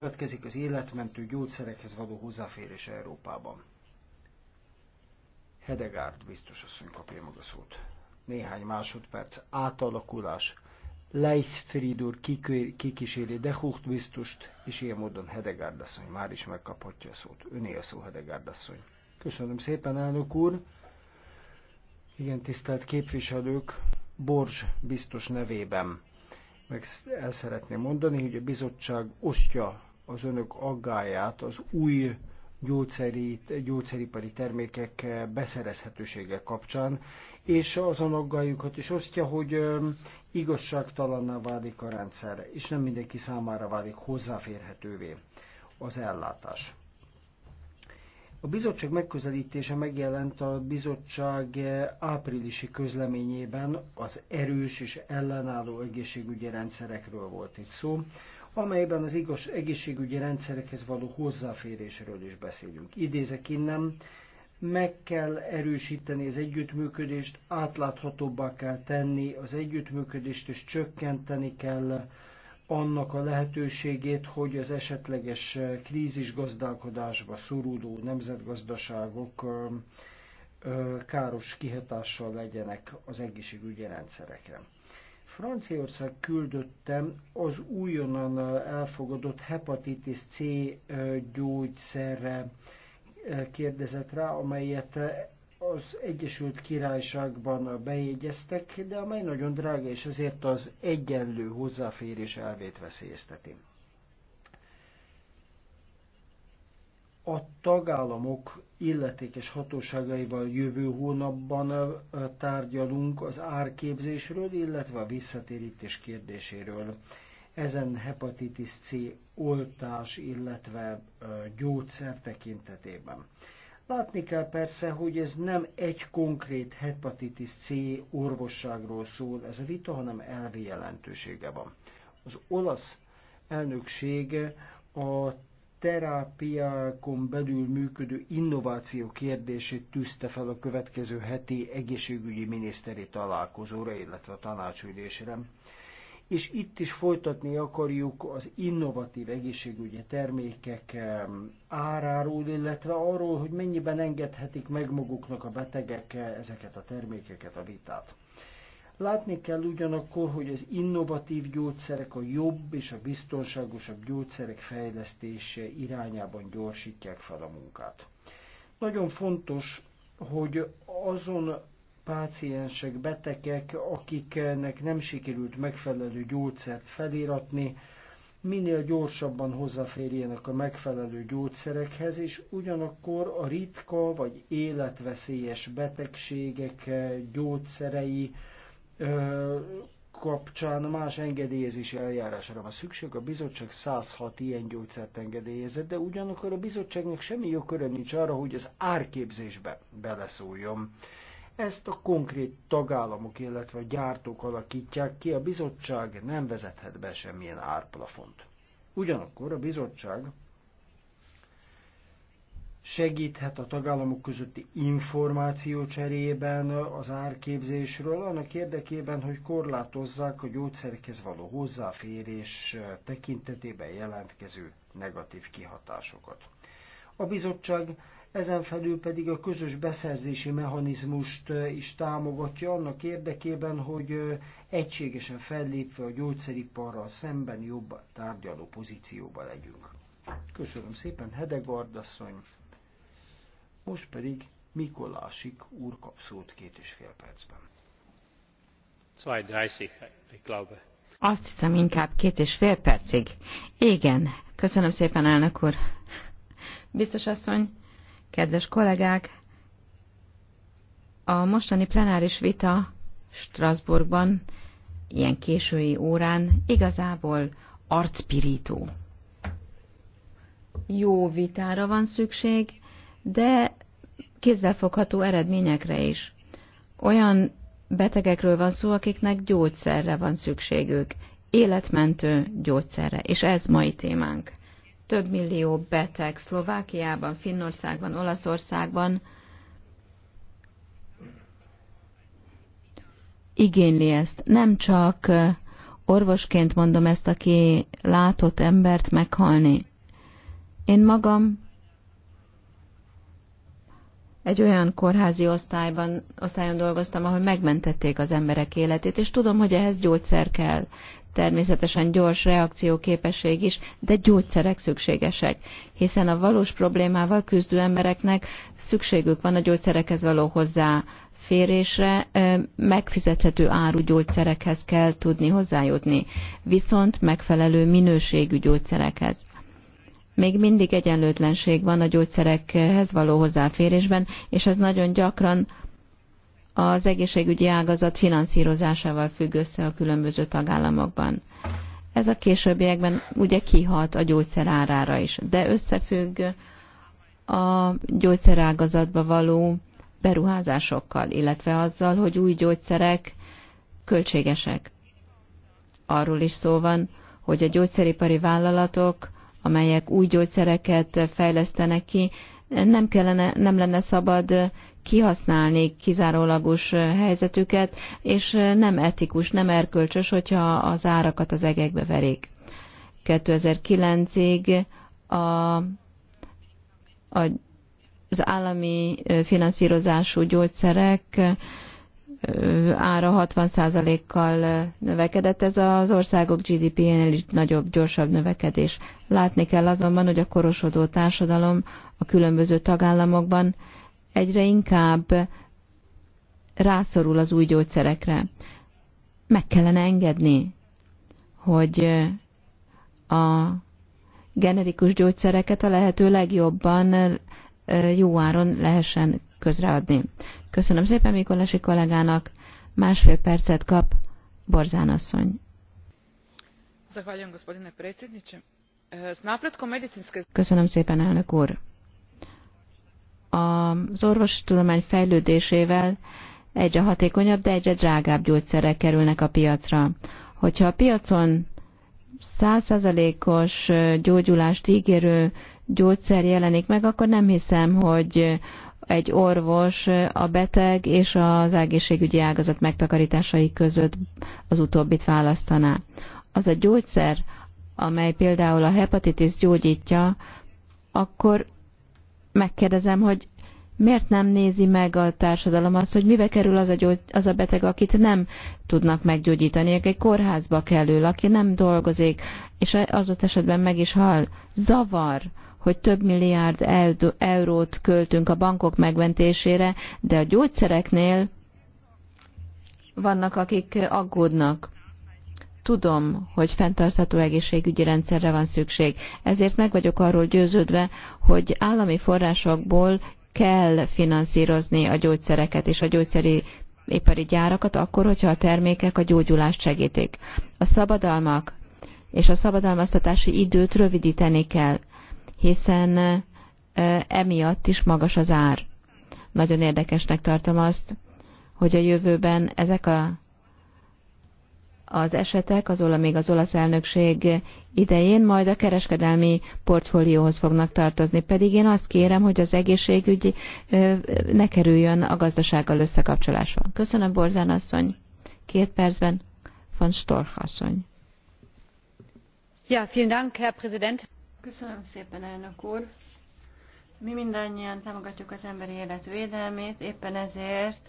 következik az életmentő gyógyszerekhez való hozzáférés Európában. Hedegárd biztos asszony kapja maga szót. Néhány másodperc átalakulás. Leitfried úr kikíséri Dehucht biztust, és ilyen módon Hedegárd asszony már is megkaphatja a szót. Öné a szó, Hedegárd asszony. Köszönöm szépen, elnök úr. Igen, tisztelt képviselők, Borzs biztos nevében meg el szeretném mondani, hogy a bizottság osztja az önök aggáját az új gyógyszeri, gyógyszeripari termékek beszerezhetősége kapcsán, és azon aggájukat is osztja, hogy igazságtalanná válik a rendszer, és nem mindenki számára válik hozzáférhetővé az ellátás. A bizottság megközelítése megjelent a bizottság áprilisi közleményében az erős és ellenálló egészségügyi rendszerekről volt itt szó amelyben az igaz egészségügyi rendszerekhez való hozzáférésről is beszélünk. Idézek innen, meg kell erősíteni az együttműködést, átláthatóbbá kell tenni az együttműködést, és csökkenteni kell annak a lehetőségét, hogy az esetleges krízis gazdálkodásba szoruló nemzetgazdaságok káros kihatással legyenek az egészségügyi rendszerekre. Franciaország küldöttem az újonnan elfogadott hepatitis C gyógyszerre kérdezett rá, amelyet az Egyesült Királyságban bejegyeztek, de amely nagyon drága, és ezért az egyenlő hozzáférés elvét veszélyezteti. a tagállamok illetékes hatóságaival jövő hónapban tárgyalunk az árképzésről, illetve a visszatérítés kérdéséről. Ezen hepatitis C oltás, illetve gyógyszer tekintetében. Látni kell persze, hogy ez nem egy konkrét hepatitis C orvosságról szól ez a vita, hanem elvi jelentősége van. Az olasz elnökség a terápiákon belül működő innováció kérdését tűzte fel a következő heti egészségügyi miniszteri találkozóra, illetve a tanácsülésre. És itt is folytatni akarjuk az innovatív egészségügyi termékek áráról, illetve arról, hogy mennyiben engedhetik meg maguknak a betegek eh, ezeket a termékeket, a vitát. Látni kell ugyanakkor, hogy az innovatív gyógyszerek a jobb és a biztonságosabb gyógyszerek fejlesztése irányában gyorsítják fel a munkát. Nagyon fontos, hogy azon páciensek, betegek, akiknek nem sikerült megfelelő gyógyszert feliratni, minél gyorsabban hozzáférjenek a megfelelő gyógyszerekhez, és ugyanakkor a ritka vagy életveszélyes betegségek gyógyszerei, kapcsán más engedélyezési eljárásra van szükség. A bizottság 106 ilyen gyógyszert engedélyezett, de ugyanakkor a bizottságnak semmi jogköre nincs arra, hogy az árképzésbe beleszóljon. Ezt a konkrét tagállamok, illetve a gyártók alakítják ki, a bizottság nem vezethet be semmilyen árplafont. Ugyanakkor a bizottság segíthet a tagállamok közötti információ cserében az árképzésről, annak érdekében, hogy korlátozzák a gyógyszerekhez való hozzáférés tekintetében jelentkező negatív kihatásokat. A bizottság ezen felül pedig a közös beszerzési mechanizmust is támogatja annak érdekében, hogy egységesen fellépve a gyógyszeriparral szemben jobb tárgyaló pozícióba legyünk. Köszönöm szépen, Hedegard asszony! Most pedig Mikolásik úr kap szót két és fél percben. Azt hiszem inkább két és fél percig. Igen, köszönöm szépen, elnök úr. Biztos asszony, kedves kollégák, a mostani plenáris vita Strasbourgban ilyen késői órán igazából arcpirító. Jó vitára van szükség, de kézzelfogható eredményekre is. Olyan betegekről van szó, akiknek gyógyszerre van szükségük, életmentő gyógyszerre, és ez mai témánk. Több millió beteg Szlovákiában, Finnországban, Olaszországban igényli ezt. Nem csak orvosként mondom ezt, aki látott embert meghalni. Én magam egy olyan kórházi osztályban, osztályon dolgoztam, ahol megmentették az emberek életét, és tudom, hogy ehhez gyógyszer kell. Természetesen gyors reakcióképesség is, de gyógyszerek szükségesek, hiszen a valós problémával küzdő embereknek szükségük van a gyógyszerekhez való hozzá férésre megfizethető áru gyógyszerekhez kell tudni hozzájutni, viszont megfelelő minőségű gyógyszerekhez. Még mindig egyenlőtlenség van a gyógyszerekhez való hozzáférésben, és ez nagyon gyakran az egészségügyi ágazat finanszírozásával függ össze a különböző tagállamokban. Ez a későbbiekben ugye kihat a gyógyszer árára is, de összefügg a gyógyszerágazatba való beruházásokkal, illetve azzal, hogy új gyógyszerek költségesek. Arról is szó van, hogy a gyógyszeripari vállalatok amelyek új gyógyszereket fejlesztenek ki, nem, kellene, nem lenne szabad kihasználni kizárólagos helyzetüket, és nem etikus, nem erkölcsös, hogyha az árakat az egekbe verik. 2009-ig a, a, az állami finanszírozású gyógyszerek ára 60%-kal növekedett. Ez az országok GDP-nél is nagyobb, gyorsabb növekedés. Látni kell azonban, hogy a korosodó társadalom a különböző tagállamokban egyre inkább rászorul az új gyógyszerekre. Meg kellene engedni, hogy a generikus gyógyszereket a lehető legjobban jó áron lehessen közreadni. Köszönöm szépen Mikolasi kollégának. Másfél percet kap Borzán asszony. Köszönöm szépen, elnök úr. Az orvostudomány fejlődésével egyre hatékonyabb, de egyre drágább gyógyszerek kerülnek a piacra. Hogyha a piacon százszázalékos gyógyulást ígérő gyógyszer jelenik meg, akkor nem hiszem, hogy egy orvos, a beteg és az egészségügyi ágazat megtakarításai között az utóbbit választaná. Az a gyógyszer, amely például a hepatitis gyógyítja, akkor megkérdezem, hogy miért nem nézi meg a társadalom azt, hogy mibe kerül az a, gyógy, az a beteg, akit nem tudnak meggyógyítani, egy kórházba kerül, aki nem dolgozik, és ott esetben meg is hal. Zavar hogy több milliárd eurót költünk a bankok megmentésére, de a gyógyszereknél vannak, akik aggódnak. Tudom, hogy fenntartható egészségügyi rendszerre van szükség, ezért meg vagyok arról győződve, hogy állami forrásokból kell finanszírozni a gyógyszereket és a gyógyszeri ipari gyárakat akkor, hogyha a termékek a gyógyulást segítik. A szabadalmak és a szabadalmaztatási időt rövidíteni kell hiszen emiatt is magas az ár. Nagyon érdekesnek tartom azt, hogy a jövőben ezek a, az esetek az még az olasz elnökség idején majd a kereskedelmi portfólióhoz fognak tartozni. Pedig én azt kérem, hogy az egészségügy ne kerüljön a gazdasággal összekapcsolásba. Köszönöm, Borzán asszony. Két percben van Storch asszony. Ja, vielen Dank, Herr Präsident Köszönöm szépen, elnök úr. Mi mindannyian támogatjuk az emberi élet védelmét, éppen ezért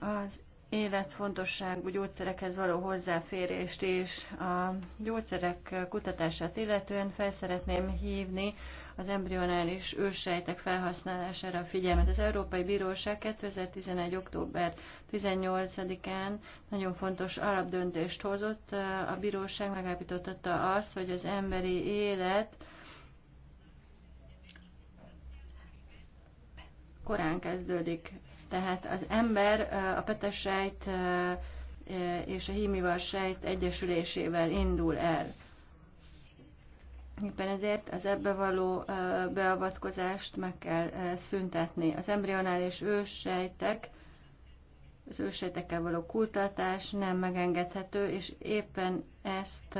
az életfontosságú gyógyszerekhez való hozzáférést és a gyógyszerek kutatását illetően felszeretném hívni az embrionális őssejtek felhasználására a figyelmet. Az Európai Bíróság 2011. október 18-án nagyon fontos alapdöntést hozott. A bíróság megállapította azt, hogy az emberi élet korán kezdődik tehát az ember a petesejt és a hímival sejt egyesülésével indul el. Éppen ezért az ebbe való beavatkozást meg kell szüntetni. Az embrionál és őssejtek, az őssejtekkel való kultatás nem megengedhető, és éppen ezt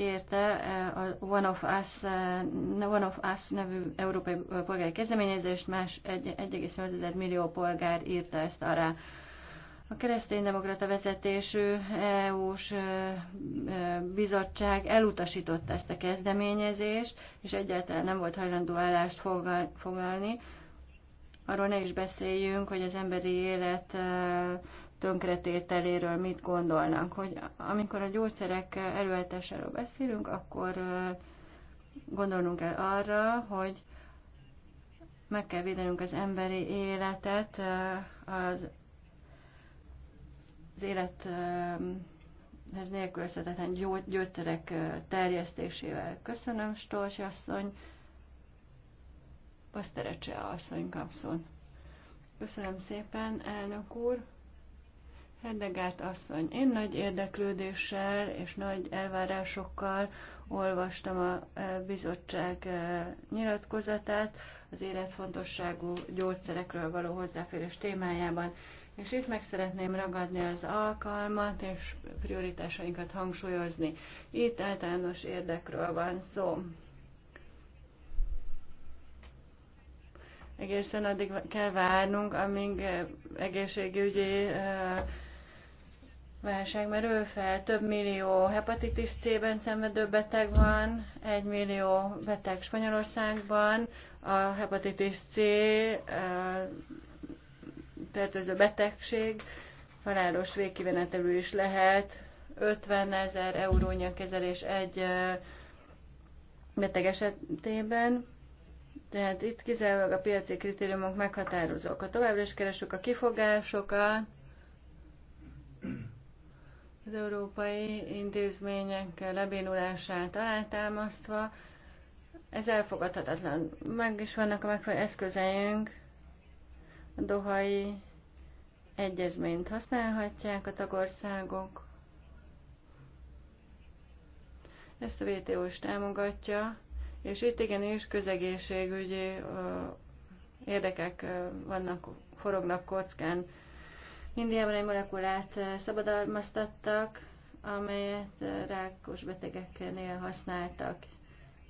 kérte eh, a One of Us, eh, One of Us nevű európai eh, polgári kezdeményezést, más 1,5 millió polgár írta ezt arra. A kereszténydemokrata vezetésű EU-s bizottság elutasította ezt a kezdeményezést, és egyáltalán nem volt hajlandó állást foglalni. Arról ne is beszéljünk, hogy az emberi élet tönkretételéről mit gondolnak, hogy amikor a gyógyszerek előállításáról beszélünk, akkor gondolnunk kell arra, hogy meg kell védenünk az emberi életet, az, az élethez nélkülözhetetlen gyógyszerek terjesztésével. Köszönöm, Stolcs asszony, Paszterecse asszony kapszon. Köszönöm szépen, elnök úr! Hedegát asszony, én nagy érdeklődéssel és nagy elvárásokkal olvastam a e, bizottság e, nyilatkozatát az életfontosságú gyógyszerekről való hozzáférés témájában. És itt meg szeretném ragadni az alkalmat és prioritásainkat hangsúlyozni. Itt általános érdekről van szó. Egészen addig kell várnunk, amíg egészségügyi uh, válság, mert ő fel több millió hepatitis C-ben szenvedő beteg van, egy millió beteg Spanyolországban, a hepatitis C fertőző betegség halálos végkivenetelő is lehet, 50 ezer eurónyi a kezelés egy beteg esetében, tehát itt kizárólag a piaci kritériumok meghatározók. A továbbra is keresünk a kifogásokat, az európai intézmények lebénulását alátámasztva. Ez elfogadhatatlan. Meg is vannak a megfelelő eszközeink. A dohai egyezményt használhatják a tagországok. Ezt a WTO is támogatja, és itt igenis közegészségügyi érdekek vannak, forognak kockán. Indiában egy molekulát eh, szabadalmaztattak, amelyet eh, rákos betegeknél használtak.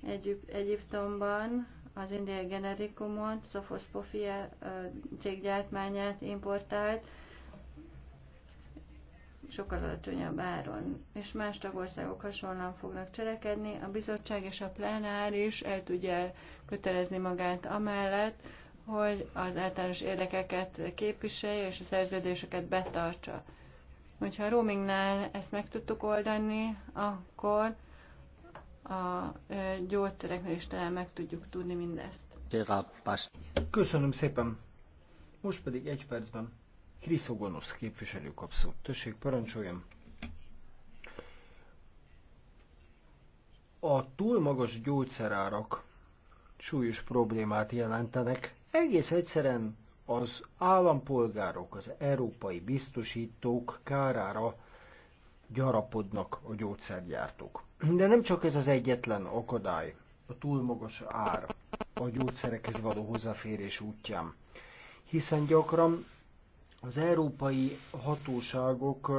Együb, Egyiptomban az indiai generikumot, Sofospofia eh, céggyártmányát importált, sokkal alacsonyabb áron, és más tagországok hasonlóan fognak cselekedni. A bizottság és a plenár is el tudja kötelezni magát amellett, hogy az általános érdekeket képviselje és a szerződéseket betartsa. Hogyha a roamingnál ezt meg tudtuk oldani, akkor a gyógyszereknél is talán meg tudjuk tudni mindezt. Köszönöm szépen! Most pedig egy percben Kriszogonosz képviselő kap szót. Tessék, parancsoljam! A túl magas gyógyszerárak súlyos problémát jelentenek, egész egyszerűen az állampolgárok, az európai biztosítók kárára gyarapodnak a gyógyszergyártók. De nem csak ez az egyetlen akadály, a túl magas ár a gyógyszerekhez való hozzáférés útján. Hiszen gyakran az európai hatóságok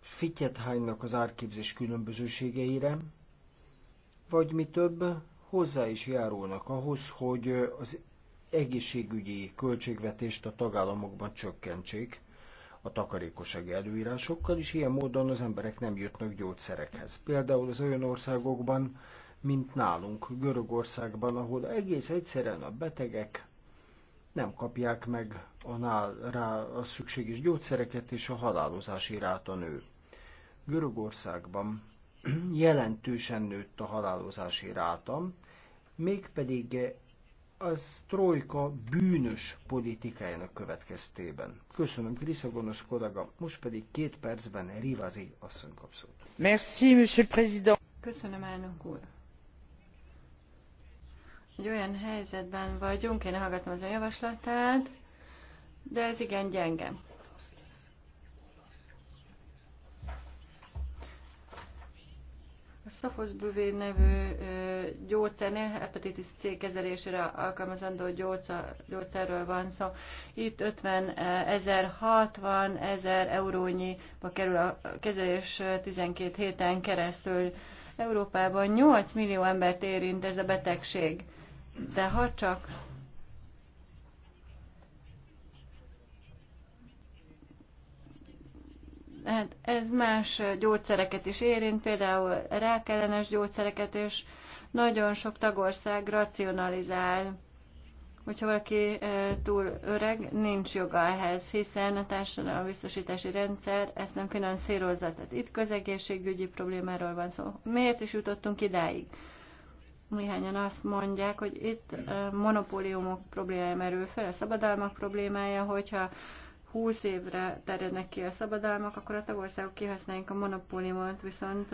fityet hánynak az árképzés különbözőségeire, vagy mi több, hozzá is járulnak ahhoz, hogy az egészségügyi költségvetést a tagállamokban csökkentsék a takarékossági előírásokkal, és ilyen módon az emberek nem jutnak gyógyszerekhez. Például az olyan országokban, mint nálunk, Görögországban, ahol egész egyszerűen a betegek nem kapják meg a nál rá a szükséges gyógyszereket, és a halálozási ráta nő. Görögországban jelentősen nőtt a halálozási ráta, mégpedig az trojka bűnös politikájának következtében. Köszönöm, Krisza Gonosz kollega. Most pedig két percben Rivazi asszony kap Merci, monsieur le président. Köszönöm, elnök úr. Egy olyan helyzetben vagyunk, én hallgatom az a javaslatát, de ez igen gyenge. A Szofoszbüvé nevű gyógyszernél hepatitis C kezelésére alkalmazandó gyógyszer, gyógyszerről van szó. Itt 50 ezer, 60 ezer eurónyiba kerül a kezelés 12 héten keresztül. Európában 8 millió embert érint ez a betegség. De ha csak Hát ez más gyógyszereket is érint, például rákellenes gyógyszereket, és nagyon sok tagország racionalizál, hogyha valaki e, túl öreg, nincs joga ehhez, hiszen a társadalmi biztosítási rendszer ezt nem finanszírozza. Tehát itt közegészségügyi problémáról van szó. Miért is jutottunk idáig? Néhányan azt mondják, hogy itt e, monopóliumok problémája merül fel, a szabadalmak problémája, hogyha 20 évre terjednek ki a szabadalmak, akkor a tagországok kihasználják a monopóliumot, viszont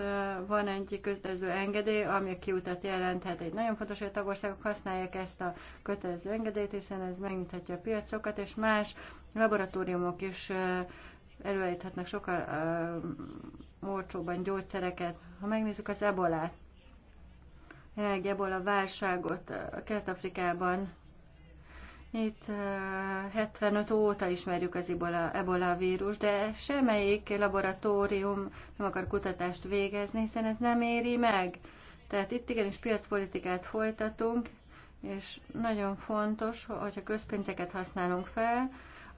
van egy kötelező engedély, ami a kiutat jelenthet. Egy nagyon fontos, hogy a tagországok használják ezt a kötelező engedélyt, hiszen ez megnyithatja a piacokat, és más laboratóriumok is előállíthatnak sokkal olcsóban gyógyszereket. Ha megnézzük az ebolát, jelenleg ebola válságot Kelet-Afrikában itt 75 óta ismerjük az ebola, ebola vírus, de semmelyik laboratórium nem akar kutatást végezni, hiszen ez nem éri meg. Tehát itt igenis piacpolitikát folytatunk, és nagyon fontos, hogyha közpénzeket használunk fel,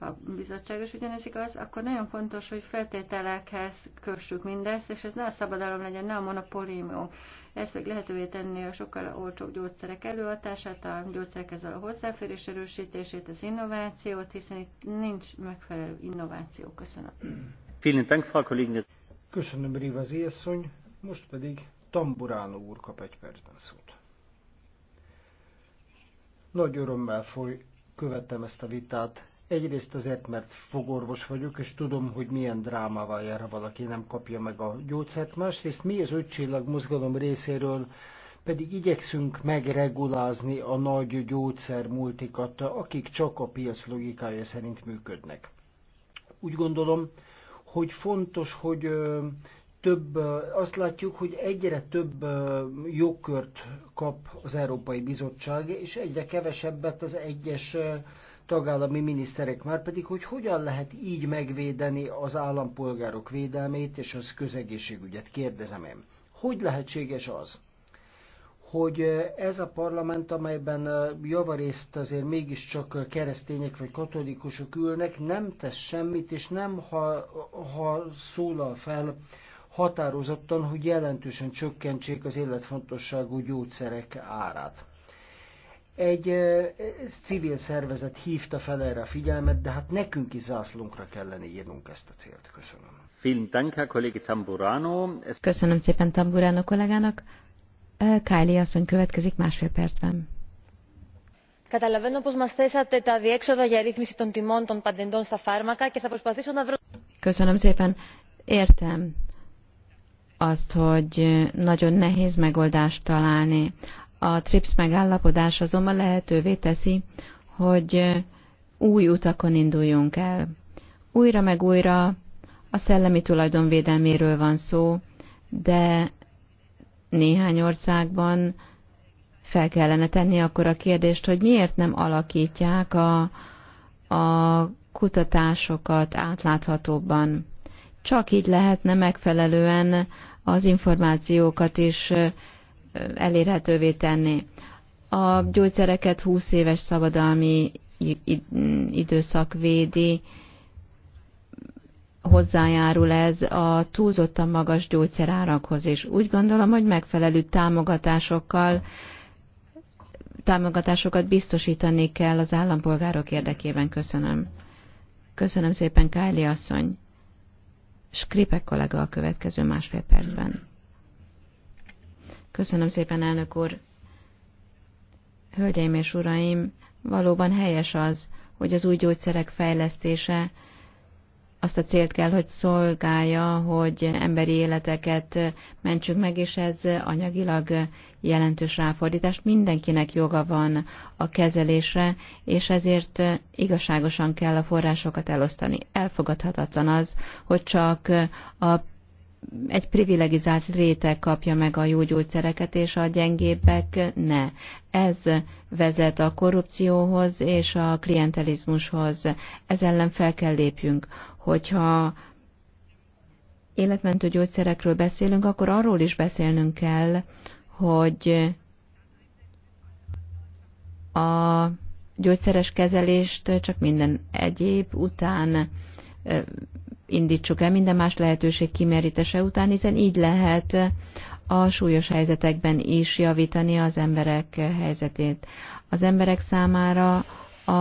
a bizottság is ugyanez igaz, akkor nagyon fontos, hogy feltételekhez kössük mindezt, és ez ne a szabadalom legyen, ne a monopólium. Ez meg lehetővé tenni a sokkal olcsóbb gyógyszerek előadását, a gyógyszerekhez a hozzáférés erősítését, az innovációt, hiszen itt nincs megfelelő innováció. Köszönöm. Köszönöm, Riva Zieszony. Most pedig Tamburánó úr kap egy percben szót. Nagy örömmel foly, követtem ezt a vitát, Egyrészt azért, mert fogorvos vagyok, és tudom, hogy milyen drámával jár, ha valaki nem kapja meg a gyógyszert. Másrészt mi az ötcsillag mozgalom részéről pedig igyekszünk megregulázni a nagy gyógyszer multikat, akik csak a piac logikája szerint működnek. Úgy gondolom, hogy fontos, hogy több, azt látjuk, hogy egyre több jogkört kap az Európai Bizottság, és egyre kevesebbet az egyes tagállami miniszterek már pedig, hogy hogyan lehet így megvédeni az állampolgárok védelmét és az közegészségügyet, kérdezem én. Hogy lehetséges az, hogy ez a parlament, amelyben javarészt azért mégiscsak keresztények vagy katolikusok ülnek, nem tesz semmit, és nem ha, ha szólal fel határozottan, hogy jelentősen csökkentsék az életfontosságú gyógyszerek árát. Egy civil szervezet hívta fel erre a figyelmet, de hát nekünk is zászlónkra kellene írnunk ezt a célt. Köszönöm. Köszönöm szépen Tamburano kollégának. Kylie asszony következik másfél percben. Köszönöm szépen. Értem azt, hogy nagyon nehéz megoldást találni. A TRIPS megállapodás azonban lehetővé teszi, hogy új utakon induljunk el. Újra meg újra a szellemi tulajdonvédelméről van szó, de néhány országban fel kellene tenni akkor a kérdést, hogy miért nem alakítják a, a kutatásokat átláthatóbban. Csak így lehetne megfelelően az információkat is elérhetővé tenni. A gyógyszereket 20 éves szabadalmi időszak védi, hozzájárul ez a túlzottan magas gyógyszerárakhoz is. Úgy gondolom, hogy megfelelő támogatásokkal támogatásokat biztosítani kell az állampolgárok érdekében. Köszönöm. Köszönöm szépen, Káli asszony. Skripek kollega a következő másfél percben. Köszönöm szépen, elnök úr. Hölgyeim és uraim, valóban helyes az, hogy az új gyógyszerek fejlesztése azt a célt kell, hogy szolgálja, hogy emberi életeket mentsük meg, és ez anyagilag jelentős ráfordítás. Mindenkinek joga van a kezelésre, és ezért igazságosan kell a forrásokat elosztani. Elfogadhatatlan az, hogy csak a egy privilegizált réteg kapja meg a jó gyógyszereket, és a gyengébbek ne. Ez vezet a korrupcióhoz és a klientelizmushoz. Ez ellen fel kell lépjünk. Hogyha életmentő gyógyszerekről beszélünk, akkor arról is beszélnünk kell, hogy a gyógyszeres kezelést csak minden egyéb után indítsuk el minden más lehetőség kimerítése után, hiszen így lehet a súlyos helyzetekben is javítani az emberek helyzetét. Az emberek számára a,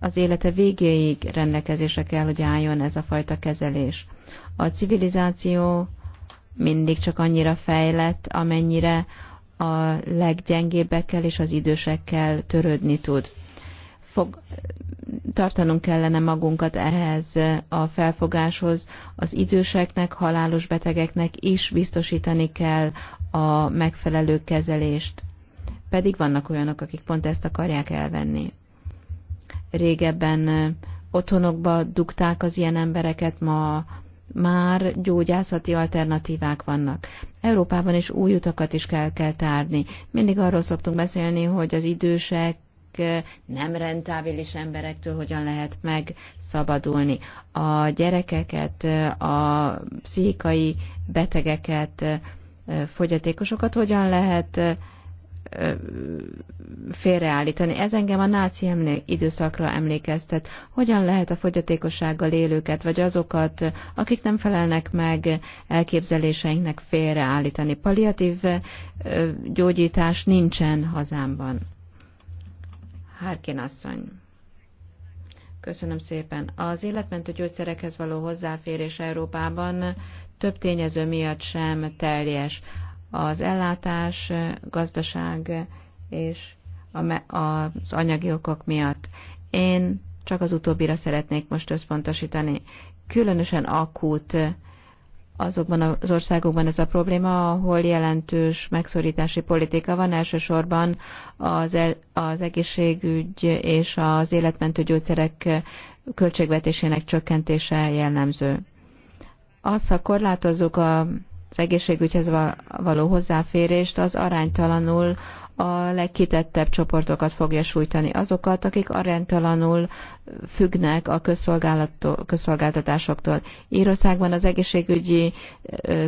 az élete végéig rendelkezésre kell, hogy álljon ez a fajta kezelés. A civilizáció mindig csak annyira fejlett, amennyire a leggyengébbekkel és az idősekkel törődni tud fog, tartanunk kellene magunkat ehhez a felfogáshoz. Az időseknek, halálos betegeknek is biztosítani kell a megfelelő kezelést. Pedig vannak olyanok, akik pont ezt akarják elvenni. Régebben otthonokba dugták az ilyen embereket, ma már gyógyászati alternatívák vannak. Európában is új utakat is kell, kell tárni. Mindig arról szoktunk beszélni, hogy az idősek nem rentábilis emberektől hogyan lehet megszabadulni. A gyerekeket, a pszichikai betegeket, fogyatékosokat hogyan lehet félreállítani. Ez engem a náci emlék, időszakra emlékeztet. Hogyan lehet a fogyatékossággal élőket, vagy azokat, akik nem felelnek meg elképzeléseinknek félreállítani? Palliatív gyógyítás nincsen hazámban. Harkin asszony. Köszönöm szépen. Az életmentő gyógyszerekhez való hozzáférés Európában több tényező miatt sem teljes. Az ellátás, gazdaság és az anyagi okok miatt. Én csak az utóbbira szeretnék most összpontosítani. Különösen akut azokban az országokban ez a probléma, ahol jelentős megszorítási politika van, elsősorban az, el, az egészségügy és az életmentő gyógyszerek költségvetésének csökkentése jellemző. Az, ha korlátozzuk a, az egészségügyhez való hozzáférést, az aránytalanul a legkitettebb csoportokat fogja sújtani. Azokat, akik aránytalanul függnek a közszolgáltatásoktól. Írországban az egészségügyi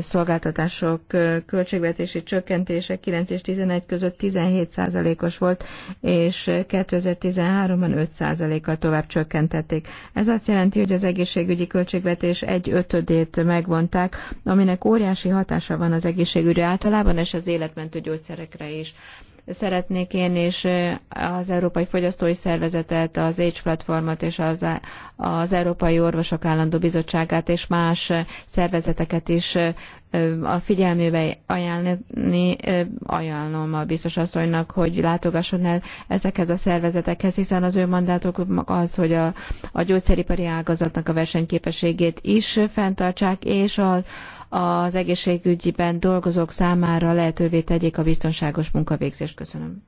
szolgáltatások költségvetési csökkentése 9 és 11 között 17%-os volt, és 2013-ban 5%-kal tovább csökkentették. Ez azt jelenti, hogy az egészségügyi költségvetés egy ötödét megvonták, aminek óriási hatása van az egészségügyre általában, és az életmentő gyógyszerekre is. Szeretnék én is az Európai Fogyasztói Szervezetet, az Age Platformot és az, az Európai Orvosok Állandó Bizottságát és más szervezeteket is a figyelmébe ajánlani, ajánlom a biztos asszonynak, hogy látogasson el ezekhez a szervezetekhez, hiszen az ő mandátok az, hogy a, a gyógyszeripari ágazatnak a versenyképességét is fenntartsák, és a, az egészségügyiben dolgozók számára lehetővé tegyék a biztonságos munkavégzést. Köszönöm.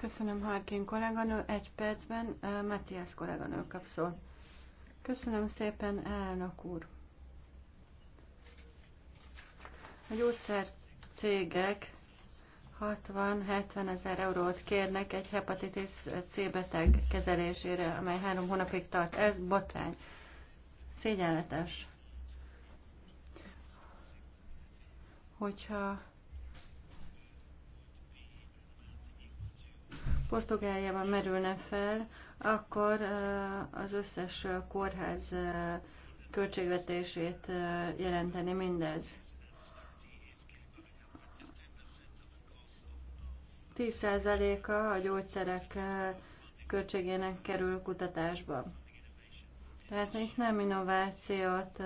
Köszönöm, Harkin kolléganő. Egy percben Matthias kolléganő kap szót. Köszönöm szépen, elnök úr. A gyógyszercégek 60-70 ezer eurót kérnek egy hepatitis C beteg kezelésére, amely három hónapig tart. Ez botrány. Szégyenletes, hogyha Portugáliában merülne fel, akkor az összes kórház költségvetését jelenteni mindez. 10%-a a gyógyszerek költségének kerül kutatásba. Tehát itt nem innovációt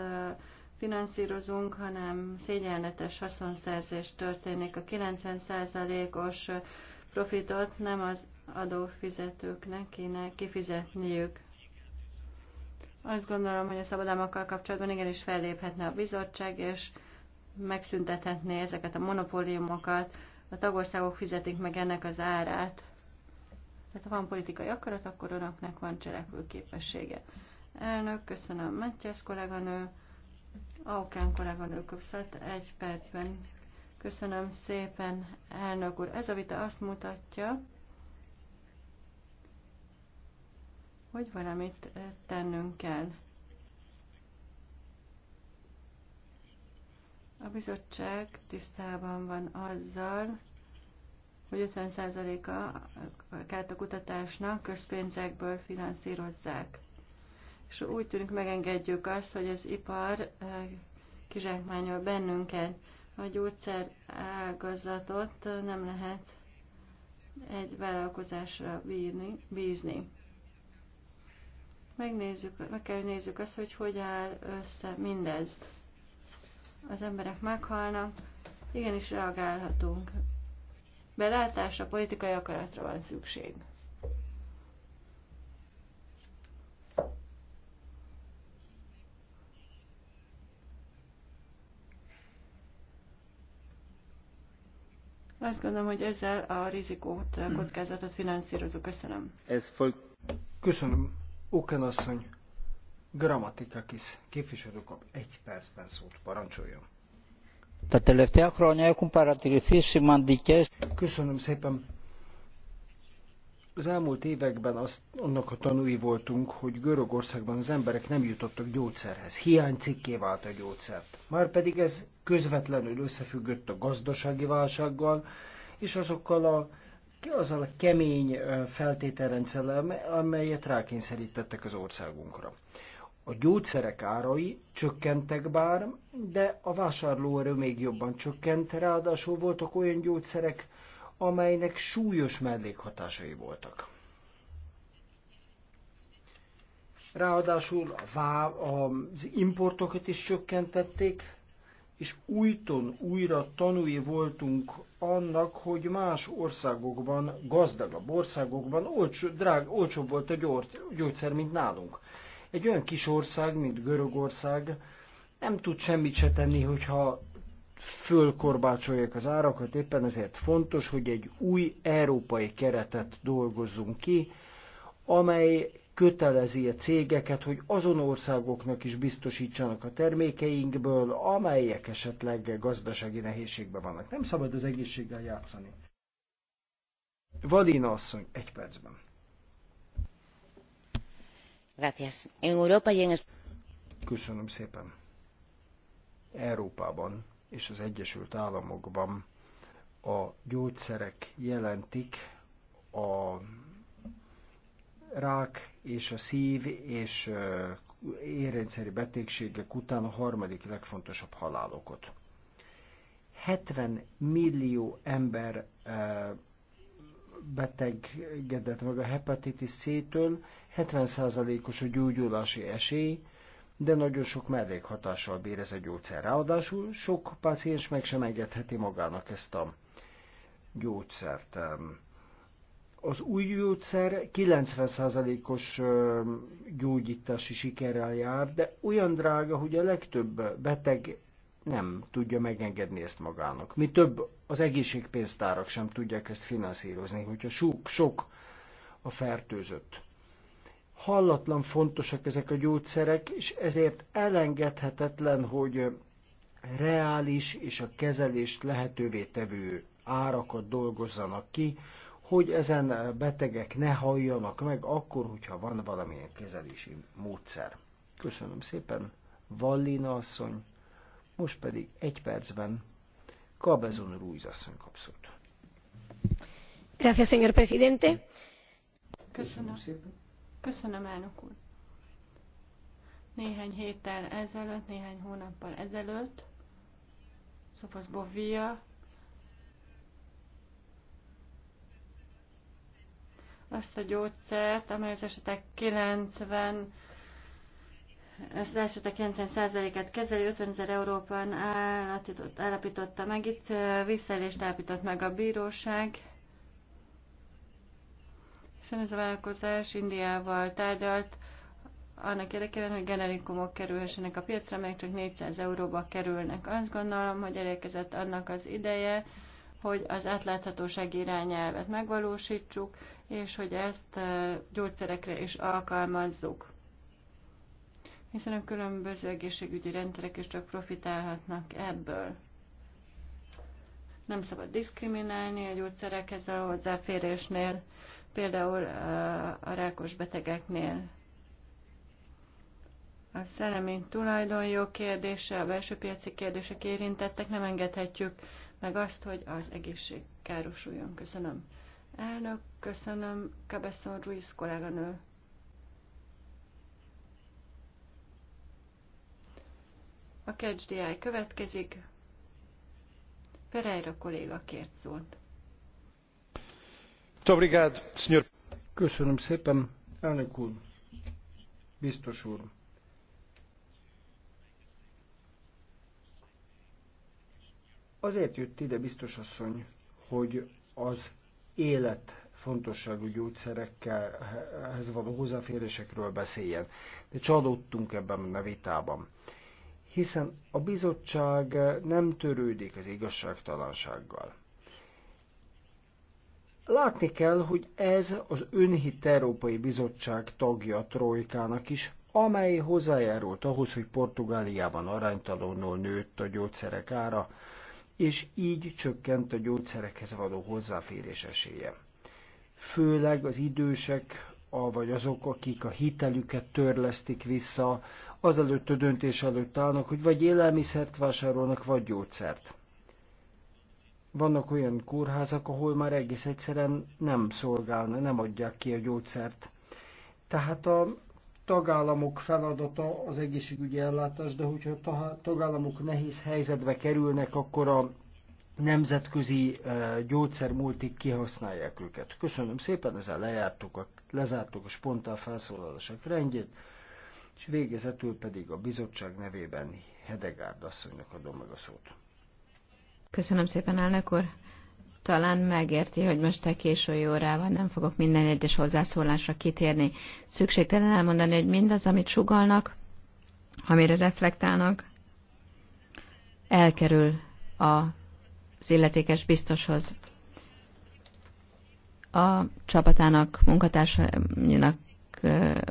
finanszírozunk, hanem szégyenletes haszonszerzés történik. A 90%-os profitot nem az adófizetőknek kéne kifizetniük. Azt gondolom, hogy a szabadalmakkal kapcsolatban igenis felléphetne a bizottság, és megszüntethetné ezeket a monopóliumokat. A tagországok fizetik meg ennek az árát. Tehát ha van politikai akarat, akkor önöknek van képessége. Elnök, köszönöm Matthias kolléganő, Aukán kolléganő köszönt egy percben. Köszönöm szépen, elnök úr. Ez a vita azt mutatja, hogy valamit tennünk kell. A bizottság tisztában van azzal, hogy 50%-a a kutatásnak közpénzekből finanszírozzák és úgy tűnik megengedjük azt, hogy az ipar eh, kizsákmányol bennünket. A gyógyszer ágazatot nem lehet egy vállalkozásra bírni, bízni. Megnézzük, meg kell nézzük azt, hogy hogy áll össze mindez. Az emberek meghalnak, igenis reagálhatunk. Belátásra, politikai akaratra van szükség. Azt gondolom, hogy ezzel a rizikót, a hmm. kockázatot finanszírozó. Köszönöm. Ez föl... Köszönöm. Oken asszony, Grammatikakis képviselő kap egy percben szót. Parancsoljon. Τα τελευταία χρόνια έχουν παρατηρηθεί σημαντικές... Köszönöm szépen az elmúlt években azt, annak a tanúi voltunk, hogy Görögországban az emberek nem jutottak gyógyszerhez. cikké vált a gyógyszert. Márpedig ez közvetlenül összefüggött a gazdasági válsággal, és azokkal a, azzal a kemény feltételrendszerrel, amelyet rákényszerítettek az országunkra. A gyógyszerek árai csökkentek bár, de a vásárlóerő még jobban csökkent, ráadásul voltak olyan gyógyszerek, amelynek súlyos mellékhatásai voltak. Ráadásul az importokat is csökkentették, és újton újra tanúi voltunk annak, hogy más országokban, gazdagabb országokban olcsó, drág, olcsóbb volt a gyógyszer, mint nálunk. Egy olyan kis ország, mint Görögország nem tud semmit se tenni, hogyha fölkorbácsolják az árakat, éppen ezért fontos, hogy egy új európai keretet dolgozzunk ki, amely kötelezi a cégeket, hogy azon országoknak is biztosítsanak a termékeinkből, amelyek esetleg gazdasági nehézségben vannak. Nem szabad az egészséggel játszani. Valina asszony, egy percben. Gracias. En Europa y en... Köszönöm szépen. Európában és az Egyesült Államokban a gyógyszerek jelentik a rák és a szív és érrendszeri betegségek után a harmadik legfontosabb halálokot. 70 millió ember betegedett meg a hepatitis C-től, 70%-os a gyógyulási esély, de nagyon sok mellékhatással bír ez a gyógyszer. Ráadásul sok páciens meg sem engedheti magának ezt a gyógyszert. Az új gyógyszer 90%-os gyógyítási sikerrel jár, de olyan drága, hogy a legtöbb beteg nem tudja megengedni ezt magának. Mi több, az egészségpénztárak sem tudják ezt finanszírozni, hogyha sok, sok a fertőzött hallatlan fontosak ezek a gyógyszerek, és ezért elengedhetetlen, hogy reális és a kezelést lehetővé tevő árakat dolgozzanak ki, hogy ezen betegek ne halljanak meg akkor, hogyha van valamilyen kezelési módszer. Köszönöm szépen, Vallina asszony, most pedig egy percben Kabezon Ruiz asszony kapszott. Gracias, señor presidente. Köszönöm. Köszönöm szépen. Köszönöm, elnök úr. Néhány héttel ezelőtt, néhány hónappal ezelőtt Szopasz Bovia azt a gyógyszert, amely az esetek 90 az esetek 90%-át kezeli, 50 ezer Európán állapította meg. Itt visszaélést állapított meg a bíróság hiszen ez a vállalkozás Indiával tárgyalt annak érdekében, hogy generikumok kerülhessenek a piacra, meg csak 400 euróba kerülnek. Azt gondolom, hogy elérkezett annak az ideje, hogy az átláthatóság irányelvet megvalósítsuk, és hogy ezt e, gyógyszerekre is alkalmazzuk. Hiszen a különböző egészségügyi rendszerek is csak profitálhatnak ebből. Nem szabad diszkriminálni a gyógyszerekhez a hozzáférésnél például a rákos betegeknél. A szellemi tulajdonjog kérdése, a belső piaci kérdések érintettek, nem engedhetjük meg azt, hogy az egészség károsuljon. Köszönöm. Elnök, köszönöm. Cabezon Ruiz kolléganő. A KCDI következik. Ferreira kolléga kért szót elnök úr, biztos úr. Azért jött ide biztos asszony, hogy az élet fontosságú gyógyszerekhez való hozzáférésekről beszéljen. De csalódtunk ebben a vitában. Hiszen a bizottság nem törődik az igazságtalansággal. Látni kell, hogy ez az önhit Európai Bizottság tagja Trojkának is, amely hozzájárult ahhoz, hogy Portugáliában aránytalanul nőtt a gyógyszerek ára, és így csökkent a gyógyszerekhez való hozzáférés esélye. Főleg az idősek, vagy azok, akik a hitelüket törlesztik vissza, azelőtt a döntés előtt állnak, hogy vagy élelmiszert vásárolnak, vagy gyógyszert. Vannak olyan kórházak, ahol már egész egyszerűen nem szolgálnak, nem adják ki a gyógyszert. Tehát a tagállamok feladata az egészségügyi ellátás, de hogyha a tagállamok nehéz helyzetbe kerülnek, akkor a nemzetközi gyógyszermultik kihasználják őket. Köszönöm szépen, ezzel lejártuk a, lezártuk a spontán felszólalások rendjét, és végezetül pedig a bizottság nevében Hedegárd asszonynak adom meg a szót. Köszönöm szépen, elnök úr. Talán megérti, hogy most te késői órában nem fogok minden egyes hozzászólásra kitérni. Szükségtelen elmondani, hogy mindaz, amit sugalnak, amire reflektálnak, elkerül az illetékes biztoshoz. A csapatának, munkatársainak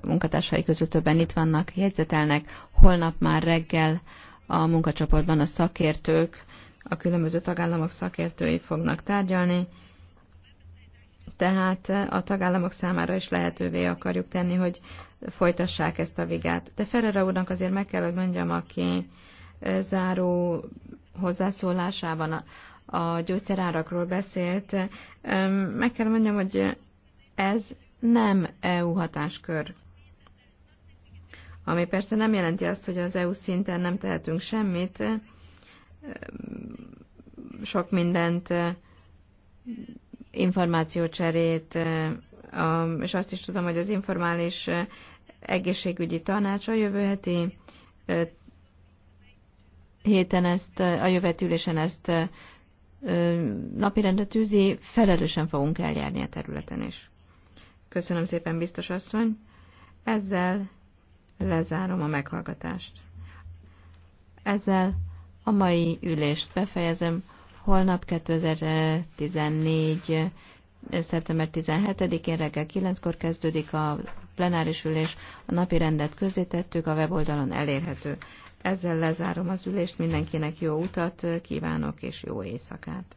munkatársai közül többen itt vannak, jegyzetelnek. Holnap már reggel a munkacsoportban a szakértők a különböző tagállamok szakértői fognak tárgyalni, tehát a tagállamok számára is lehetővé akarjuk tenni, hogy folytassák ezt a vigát. De Ferrera úrnak azért meg kell, hogy mondjam, aki záró hozzászólásában a, a gyógyszerárakról beszélt, meg kell mondjam, hogy ez nem EU hatáskör. Ami persze nem jelenti azt, hogy az EU szinten nem tehetünk semmit, sok mindent, információcserét, és azt is tudom, hogy az informális egészségügyi tanács a jövő heti héten ezt, a jövő ülésen ezt napirendre tűzi, felelősen fogunk eljárni a területen is. Köszönöm szépen, biztos asszony. Ezzel lezárom a meghallgatást. Ezzel a mai ülést befejezem. Holnap 2014. Eh, szeptember 17-én reggel 9-kor kezdődik a plenáris ülés. A napi rendet tettük, a weboldalon elérhető. Ezzel lezárom az ülést, mindenkinek jó utat eh, kívánok és jó éjszakát!